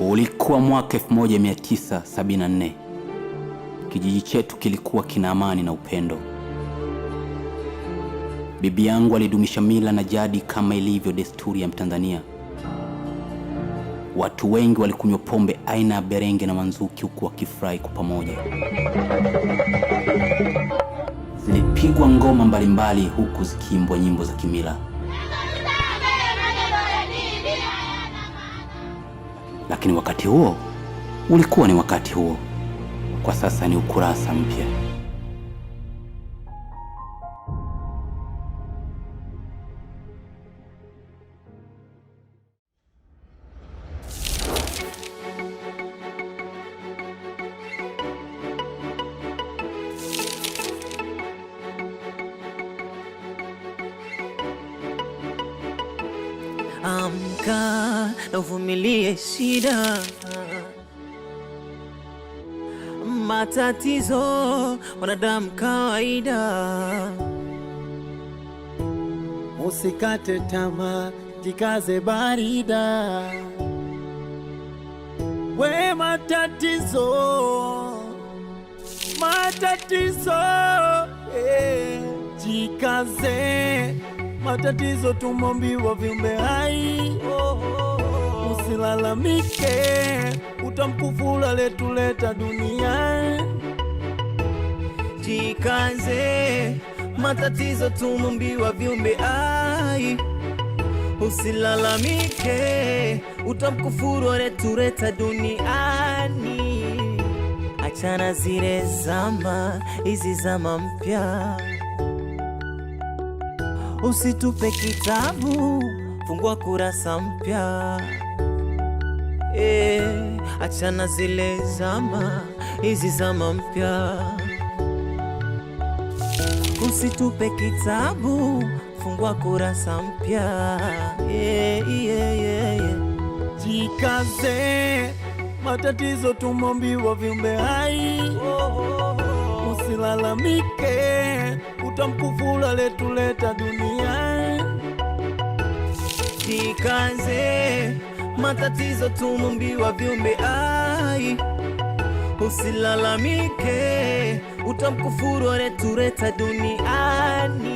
Ulikuwa mwaka 1974. Kijiji chetu kilikuwa kina amani na upendo. Bibi yangu alidumisha mila na jadi kama ilivyo desturi ya Mtanzania. Watu wengi walikunywa pombe aina ya berenge na manzuki huku wakifurahi kwa pamoja. Zilipigwa ngoma mbalimbali huku zikiimbwa nyimbo za kimila. lakini wakati huo ulikuwa ni wakati huo, kwa sasa ni ukurasa mpya. Amka na uvumilie shida, matatizo wanadamu kawaida. Usikate tamaa, jikaze barida, we matatizo, matatizo eh, jikaze matatizo tumombiwa viumbe hai oh usilalamike, utamkufula letuleta dunia. Jikaze, matatizo tumumbiwa viumbe ai. Usilalamike, utamkufuru letuleta duniani. Achana zile zama, hizi zama mpya. Usitupe kitabu, fungua kurasa mpya eh, achana zile zama, hizi zama mpya, usitupe kitabu, fungua kurasa mpya eh, e, e, e. Jikaze, matatizo tumombiwa viumbe hai, usilalamike, utamkufula letuleta duniani Jikaze matatizo tumumbiwa viumbe ai, usilalamike, utamkufuru aretureta duniani.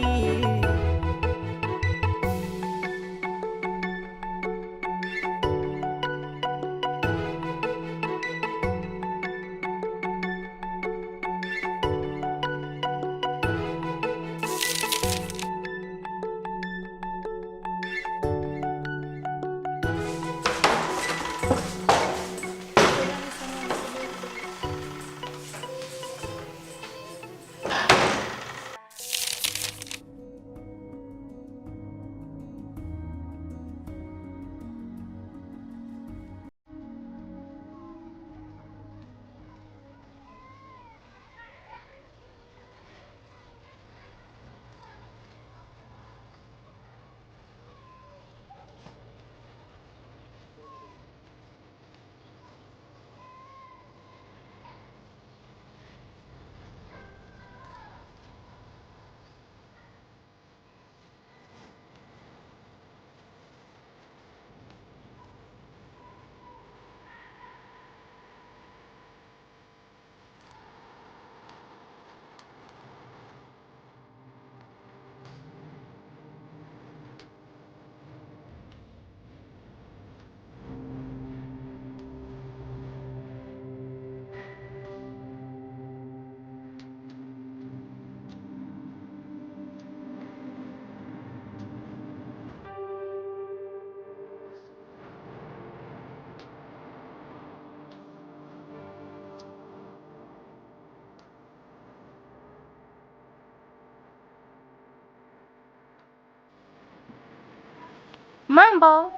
Mambo.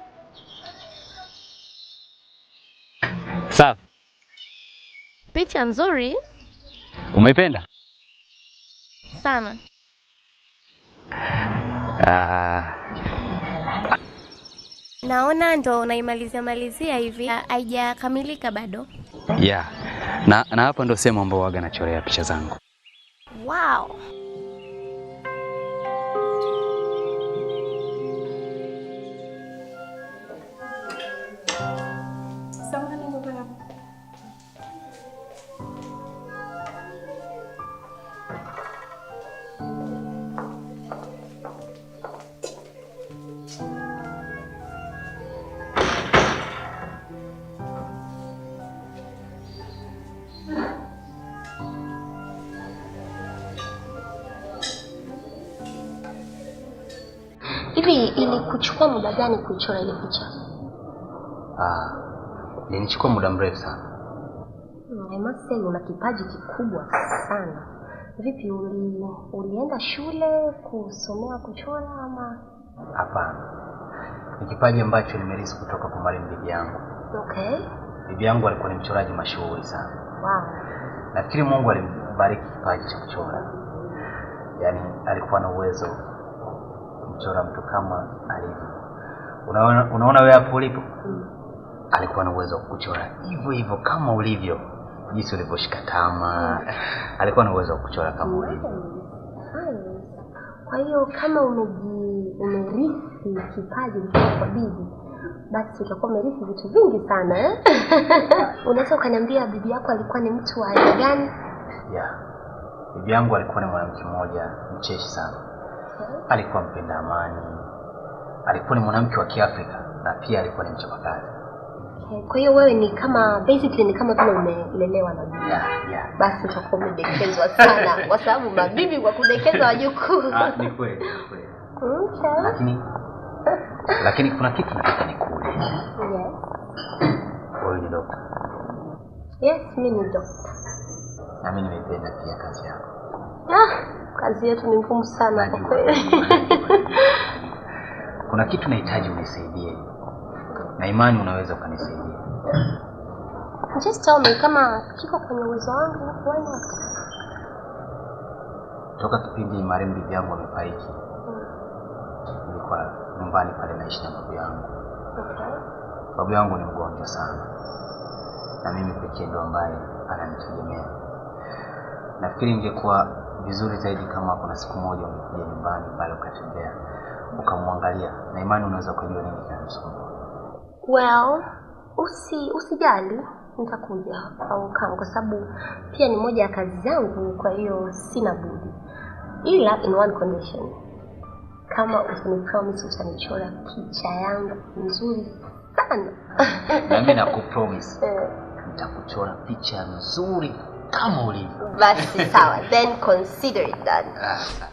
Sawa. Picha nzuri. Umeipenda? Sana. Ah. Naona ndo unaimalizia malizia hivi, ah, haijakamilika bado. Yeah. Na na hapa ndo sehemu ambao waga nachorea picha zangu. Wow. ulichukua muda gani kuichora ile picha? Ah, nilichukua muda mrefu sana. Hmm, I must say una kipaji kikubwa sana. Vipi uli, ulienda shule kusomea kuchora ama? Hapana, ni kipaji ambacho nimerisi kutoka kwa mwalimu bibi yangu. Okay. Bibi yangu alikuwa ni mchoraji mashuhuri sana. Wow. Nafikiri Mungu alimbariki kipaji cha kuchora, yaani alikuwa na uwezo kumchora mtu kama alivyo. Unaona, unaona wewe hapo ulipo mm. alikuwa na uwezo wa kuchora hivyo hivyo kama ulivyo, jinsi ulivyoshika tama mm. alikuwa na uwezo wa kuchora kama ulivyo. Kwa hiyo kama umeji umerithi kipaji kwa bibi, basi utakuwa umerithi vitu vingi sana eh? unaweza ukaniambia bibi yako alikuwa ni mtu wa aina gani? Yeah, bibi yangu alikuwa ni mwanamke mmoja mcheshi sana alikuwa mpenda amani, alikuwa ni mwanamke wa Kiafrika na pia alikuwa ni mchapakazi. Kwa hiyo wewe ni kama basically ni kama vile umelelewa na bibi. Yeah, yeah. Basi utakuwa umedekezwa sana kwa sababu mabibi kwa kudekeza wajukuu. Ah, ni kweli, kweli. Okay. Lakini lakini kuna kitu nataka nikuulize. Yes. Wewe ni dokta? Yes, mimi ni dokta. Na mimi nimependa pia kazi yako. Ah kazi yetu ni ngumu sana kwa kweli. Kuna kitu nahitaji unisaidie, na imani unaweza ukanisaidia. Just tell me kama kiko kwenye uwezo wangu, why not? Toka kipindi marembi bibi yangu amefariki, mm. nilikuwa hmm, nyumbani pale naishi na babu yangu. Okay. Babu yangu ni mgonjwa sana, na mimi pekee ndo ambaye ananitegemea. Nafikiri ingekuwa vizuri zaidi kama kuna siku moja umekuja nyumbani pale ukatembea ukamwangalia, na imani unaweza ukajua nini kinamsumbua. Well, usi usijali nitakuja au kama kwa sababu pia ni moja ya kazi zangu, kwa hiyo sina budi, ila in one condition, kama promise utanichora picha yangu nzuri sana. Nami nakupromise eh. nitakuchora picha nzuri Come, Kamoli. Verse sour. then consider it done.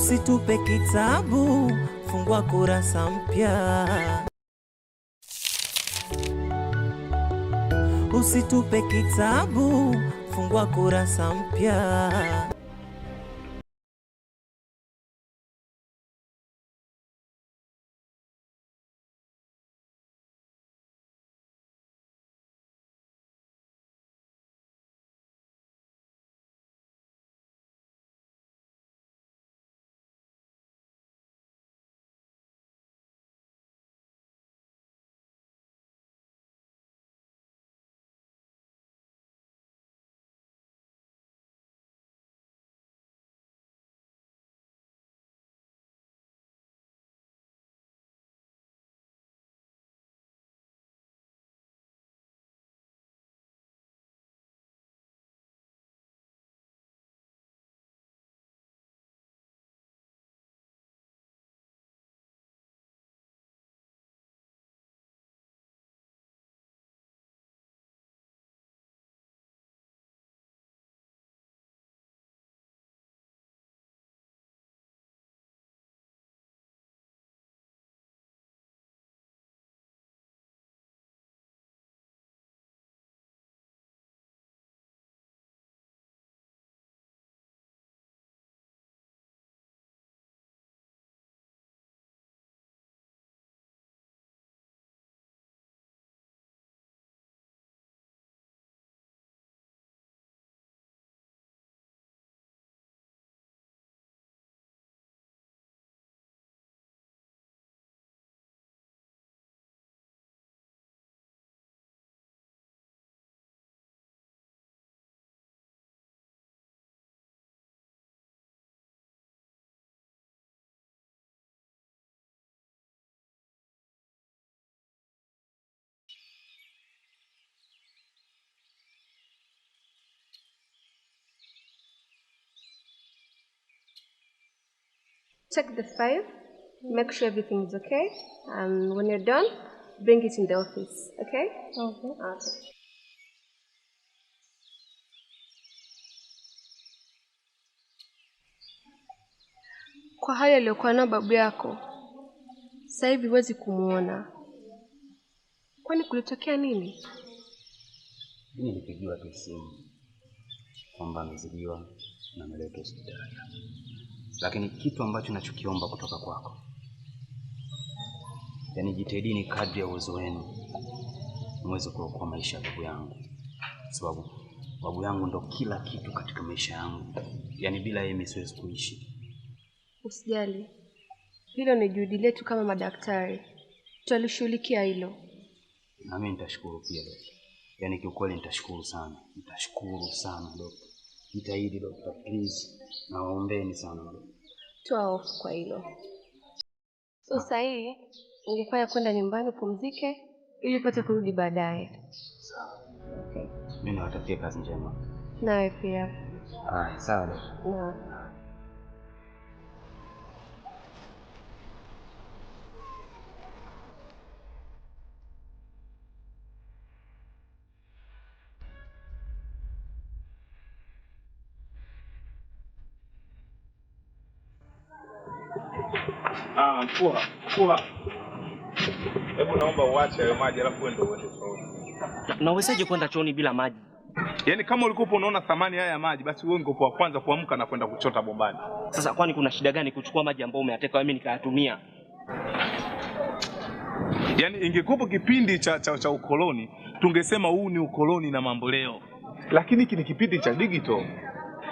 Usitupe kitabu, fungua kurasa mpya. Usitupe kitabu, fungua kurasa mpya. check the file, make sure everything is okay, and when you're done, bring it in the office, okay? Okay. okay. Kwa hali aliyokuwa nayo babu yako, sasa hivi huwezi kumwona. Kwani kulitokea nini? Mimi nilipigiwa tu simu kwamba amezidiwa na ameletwa hospitali lakini kitu ambacho nachokiomba kutoka kwako, yaani jitahidini kadri ya uwezo wenu mweze kuokoa maisha ya babu yangu, sababu babu yangu ndo kila kitu katika maisha yangu, yaani bila yeye siwezi kuishi. Usijali, hilo ni juhudi letu kama madaktari, tutalishughulikia hilo. Nami nitashukuru pia dokta, yaani kiukweli nitashukuru sana, nitashukuru sana dokta. Jitahidi dokta, please, nawaombeni sana. Toa hofu kwa hilo. So ah. saa hii ningefanya kwenda nyumbani upumzike, ili upate kurudi baadaye. Sawa. Okay. Mimi nawatakia kazi njema. Nawe pia. sawa. Naam. Fua, fua. Hebu naomba uache hayo maji alafu wewe ndio uende chooni. kwenda chooni bila maji? Yaani kama ulikuwa unaona thamani haya ya maji basi wewe ungekuwa wa kwanza kuamka na kwenda kuchota bombani. Sasa kwani kuna shida gani kuchukua maji ambayo umeyateka wewe nikayatumia? Yaani ingekuwa kipindi cha, cha, cha ukoloni tungesema huu ni ukoloni na mambo leo. Lakini hiki ni kipindi cha digital.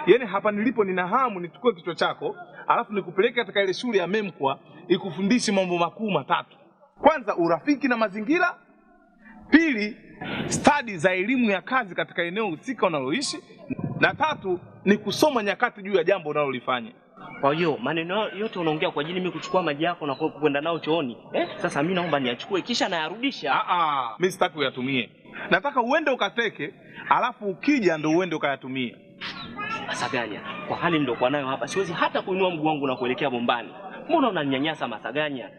Yaani hapa nilipo nina hamu nichukue kichwa chako alafu nikupeleke katika ile shule ya MEMKWA ikufundishe mambo makuu matatu. Kwanza, urafiki na mazingira; pili, stadi za elimu ya kazi katika eneo husika unaloishi; na tatu ni kusoma nyakati juu ya jambo unalolifanya. Kwa hiyo maneno yote unaongea kwa ajili mimi kuchukua maji yako na kwenda nao chooni eh? Sasa mimi naomba niyachukue kisha nayarudisha. Ah ah, mimi sitaki uyatumie, nataka uende ukateke, alafu ukija ndo uende ukayatumie. Masaganya, kwa hali niliokuwa nayo hapa siwezi hata kuinua mguu wangu na kuelekea bombani. Mbona unaninyanyasa Masaganya?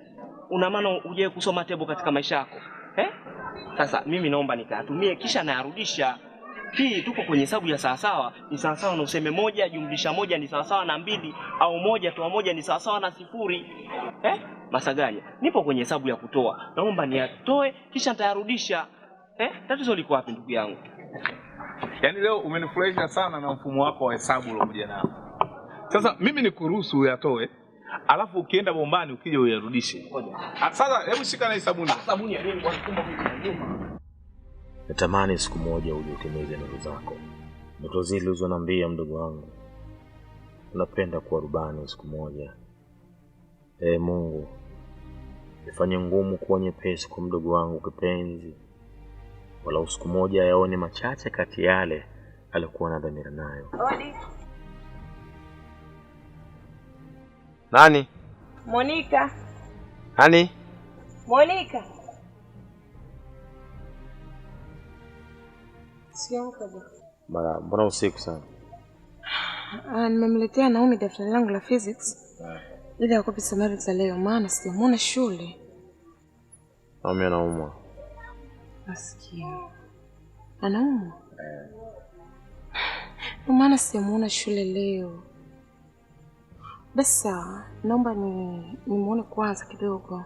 Una maana uje kusoma tebo katika maisha yako eh? Sasa mimi naomba nikayatumie kisha nayarudisha. Hii tuko kwenye hesabu ya sawasawa. Ni sawasawa na useme moja jumlisha moja ni sawasawa na mbili, au moja toa moja ni sawasawa na sifuri eh? Masaganya, nipo kwenye hesabu ya kutoa, naomba niyatoe kisha nitayarudisha eh? Tatizo liko wapi ndugu yangu? Yaani leo umenifurahisha sana na mfumo wako wa hesabu uliokuja nao. Sasa mimi nikuruhusu uyatoe, alafu ukienda bombani ukija uyarudishe. Ah, sasa hebu shika na sabuni. Ah, sabuni ya nini? Natamani siku moja ujitimize ndoto zako, ndoto zile ulizoniambia mdogo wangu. unapenda kuwa rubani siku moja. Ee Mungu, ifanye ngumu kuwa nyepesi kwa mdogo wangu kipenzi wala usiku moja yaone machache kati yale alikuwa na dhamira nayo. Nani? Monika. Nani? Monika. Mara, mbona usiku sana? Ah, nimemletea Naomi daftari langu la physics ah. ili akopi summary za leo, maana sijamuona shule. Naomi anaumwa maskini anaumwa ndio maana sijamuona shule leo. Basi sawa, naomba nimuone kwanza kidogo.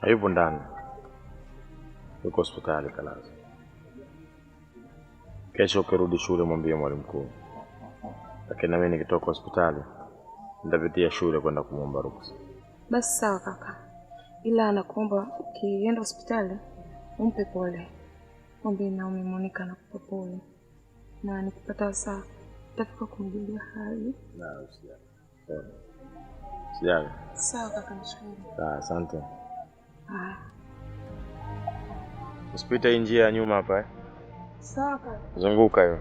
Hayupo ah, ndani, yuko hospitali kalazo. Kesho ukirudi shule mwambie mwalimu mkuu, lakini nami nikitoka hospitali nitapitia shule kwenda kumwomba ruksa. Basi sawa kaka, ila anakuomba ukienda hospitali Umpe pole, mwambie Naomi Monica na kupa pole, na nikipata saa nitafika kumjulia hali. Sawa kaka, mshukuru. Asante. Usipite hii njia ya nyuma hapa eh? Sawa kaka. Zunguka hiyo.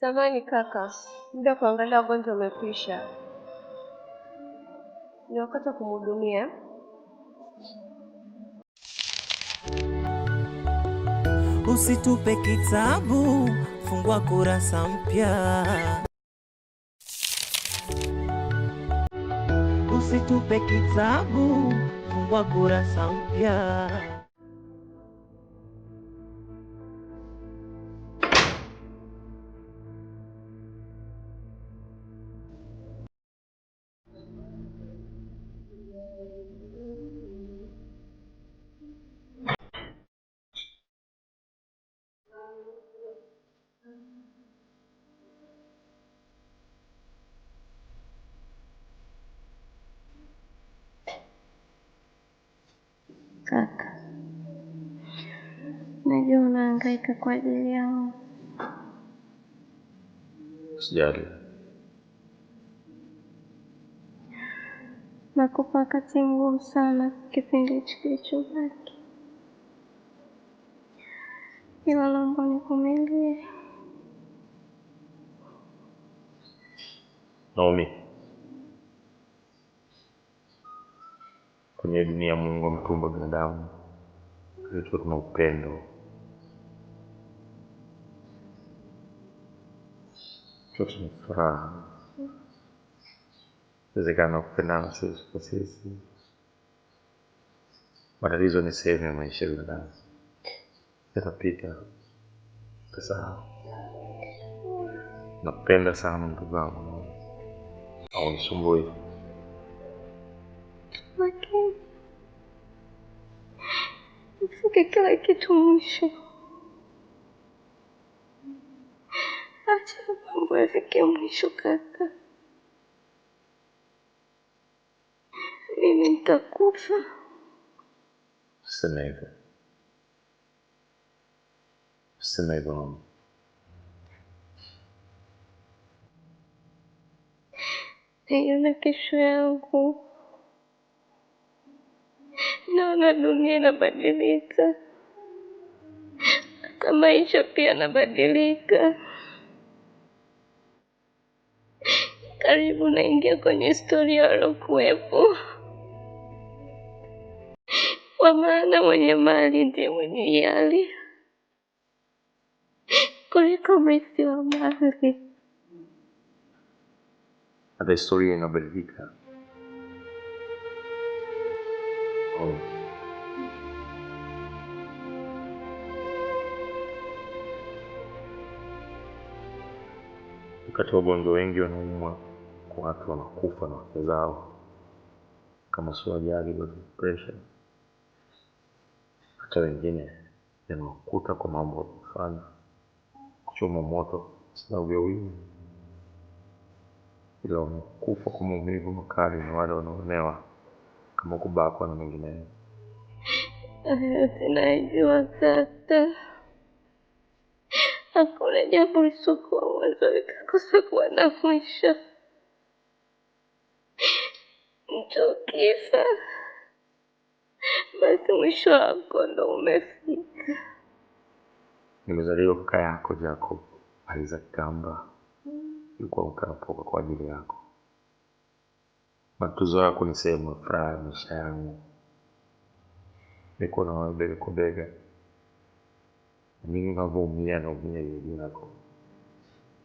Samani kaka, muda kuangalia wagonjwa umekwisha, ni wakati wa kumhudumia. Usitupe kitabu, fungua kurasa mpya. Usitupe kitabu, fungua kurasa mpya. Kaka, najua unahangaika kwa ajili yao. Sijali, nakupa wakati mgumu sana kipindi hichi kilichobaki, ila naomba univumilie Naomi. kwenye dunia Mungu ametumba binadamu ili tuna upendo, tuwe tuna furaha. Wezekana kupendana sisi kwa sisi, matatizo ni sehemu ya maisha ya binadamu, yatapita, utasahau. Napenda sana ndugu zangu, aunisumbui que que 깨끗하게 그 주무시고 아침에 밤새 깨무셨겠다 Mimi está culpa. Você nega. É Você Nem o nome. Tenho na questão. naona dunia inabadilika, hata maisha pia yanabadilika. Karibu naingia kwenye historia waliokuwepo, kwa maana mwenye mali ndiye mwenye hiari kuliko mrithi wa mali. historia inabadilika. wakati Kati wagonjwa wengi wanaumwa kwa watu wanakufa na wake zao, kama suajali, presha, hata wengine yanawakuta kwa mambo kufanya, kuchoma moto sababu ya wivu, ila wanakufa kwa maumivu makali na wale wanaonewa kama kubakwa na mengineyo. Tunajua sasa, hakuna jambo lisokuwa mwanzo likakosa kuwa na mwisho. Mtu kifa, basi mwisho wako ndo umefika. Nimezaliwa kaka yako Jacob Isaac kamba yuko ukapoka kwa ajili yako matuzo yako ni sehemu ya furaha ya maisha yangu. Niko na wewe bega kwa bega, mimi navyoumia naumia juu yako.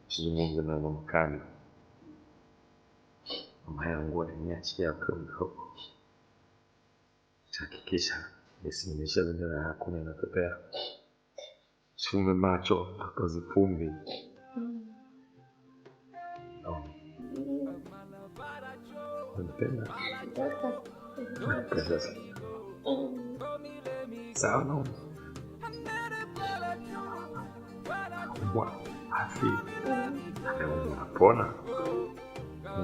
Sizungumze na mkali, mama yangu aliniachia kwa mdogo, nitahakikisha nisimamisha bendera yako na inapepea. macho mpaka zifumbi tunapenda sasa sawa naona mbwa afi mm. amepona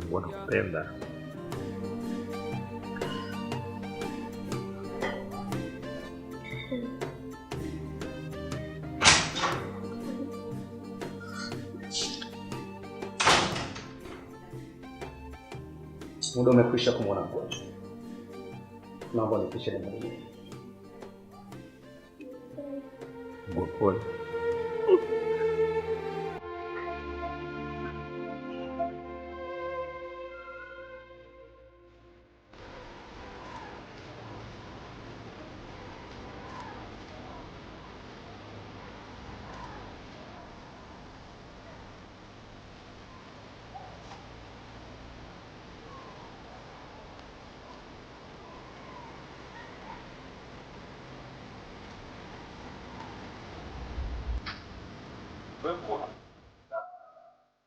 mbwa nakupenda muda umekwisha kumwona mgonjwa. Naomba nipishe. Pole.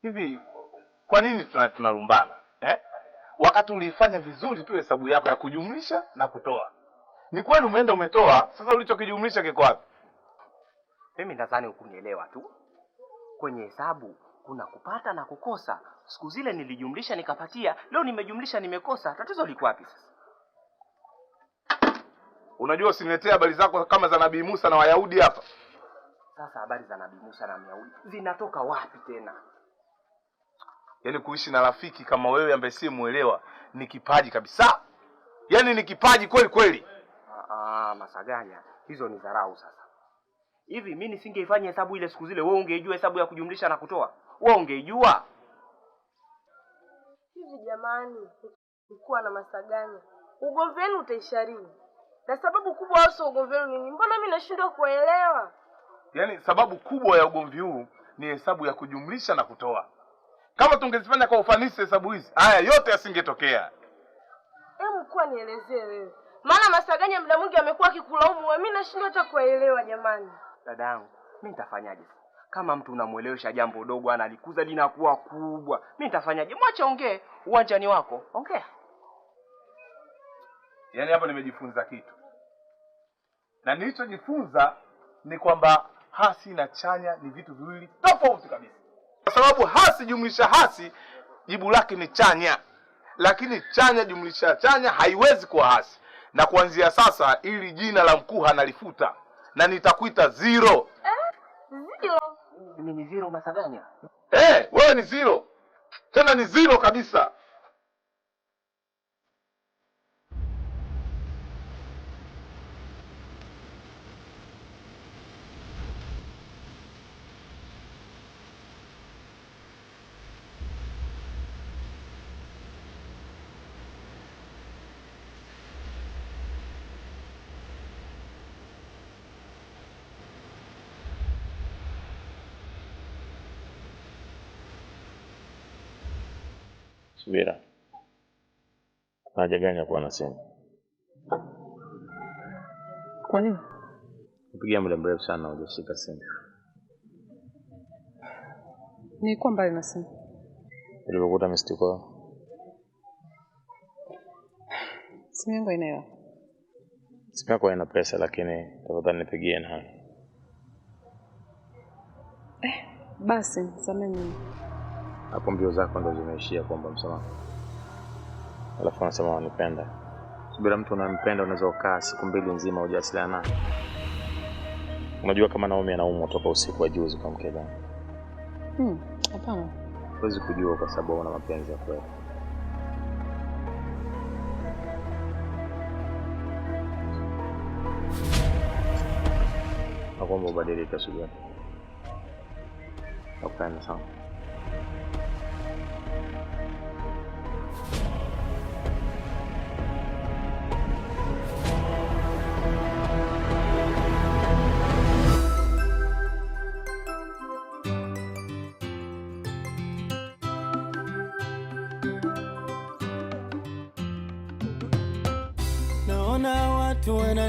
Hivi kwa nini tunalumbana eh? Wakati ulifanya vizuri tu hesabu yako ya kujumlisha na kutoa. Ni kweli umeenda umetoa, sasa ulichokijumlisha kiko wapi? Mimi nadhani hukunielewa tu. Kwenye hesabu kuna kupata na kukosa. Siku zile nilijumlisha nikapatia, leo nimejumlisha nimekosa. Tatizo liko wapi sasa? Unajua usiniletee habari zako kama za Nabii Musa na Wayahudi hapa. Sasa habari za Nabii Musa na Myahudi zinatoka wapi tena? Yaani kuishi na rafiki kama wewe ambaye si muelewa ni kipaji kabisa, yaani ni kipaji kweli kweli. Ah, ah Masaganya, hizo ni dharau. Sasa hivi mi nisingeifanya hesabu ile siku zile, wewe ungeijua hesabu ya kujumlisha na kutoa? Wewe ungeijua hivi? Jamani, ukuwa na Masaganya, ugomvi wenu na sababu kubwa, hasa ugomvi wenu nini? Mbona mi nashindwa kuelewa? yani sababu kubwa ya ugomvi huu ni hesabu ya kujumlisha na kutoa. Kama tungezifanya kwa ufanisi hesabu hizi, haya yote yasingetokea. Hebu kwa nielezee wewe, maana Masaganya muda mwingi amekuwa akikulaumu wewe, mimi nashindwa hata kuelewa. Jamani dadangu, mimi nitafanyaje Kama mtu unamwelewesha jambo dogo analikuza linakuwa kubwa, mimi nitafanyaje? Mwache ongee, uwanjani wako, ongea. Yaani hapo nimejifunza kitu, na nilichojifunza ni kwamba hasi na chanya ni vitu viwili tofauti kabisa, kwa sababu hasi jumlisha hasi jibu lake ni chanya, lakini chanya jumlisha chanya haiwezi kuwa hasi. Na kuanzia sasa ili jina la Mkuha nalifuta na nitakuita zero. Eh, zero. Mimi ni zero masaganya. Eh, wewe ni zero tena, ni zero kabisa. Subira, kuna haja gani ya kuwa nasema Kwa nini mpigia muda mrefu sana hujashika simu? Nilikuwa mbali na simu. Ilivyokuta mistiko simu yangu haina simu yako haina pesa, lakini tafadhali nipigie nayo. Eh, basi sameni hapo mbio zako ndo zimeishia kwamba msamaha, alafu anasema wanipenda. Subira, mtu unampenda unaweza ukaa siku mbili nzima hujawasiliana naye. Unajua kama Naomi anaumwa toka usiku wa juzi kwa mke zangu. Hmm, huwezi kujua kwa sababu una mapenzi ya kweli. Nakuomba ubadilike Subira, nakupenda sana.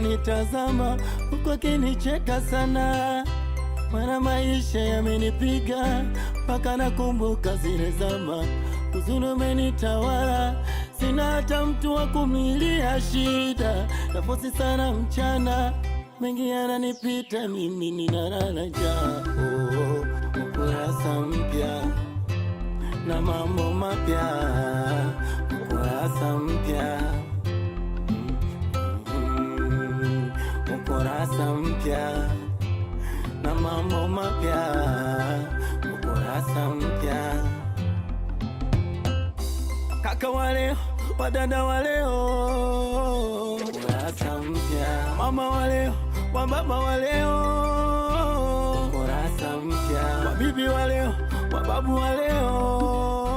ananitazama huko akinicheka sana, mwana maisha yamenipiga mpaka nakumbuka zile zama, huzuni umenitawala, sina hata mtu wa kumilia shida, nafosi sana mchana, mengi yananipita mimi, ninalala njaa. Oh, ukurasa mpya na mambo mapya, ukurasa mpya ukurasa mpya na mambo mapya, ukurasa mpya. Kaka wa leo, wadada wa leo, ukurasa mpya. Mama wa leo, wababa wa leo, ukurasa mpya. Wabibi wa leo, wababu wa leo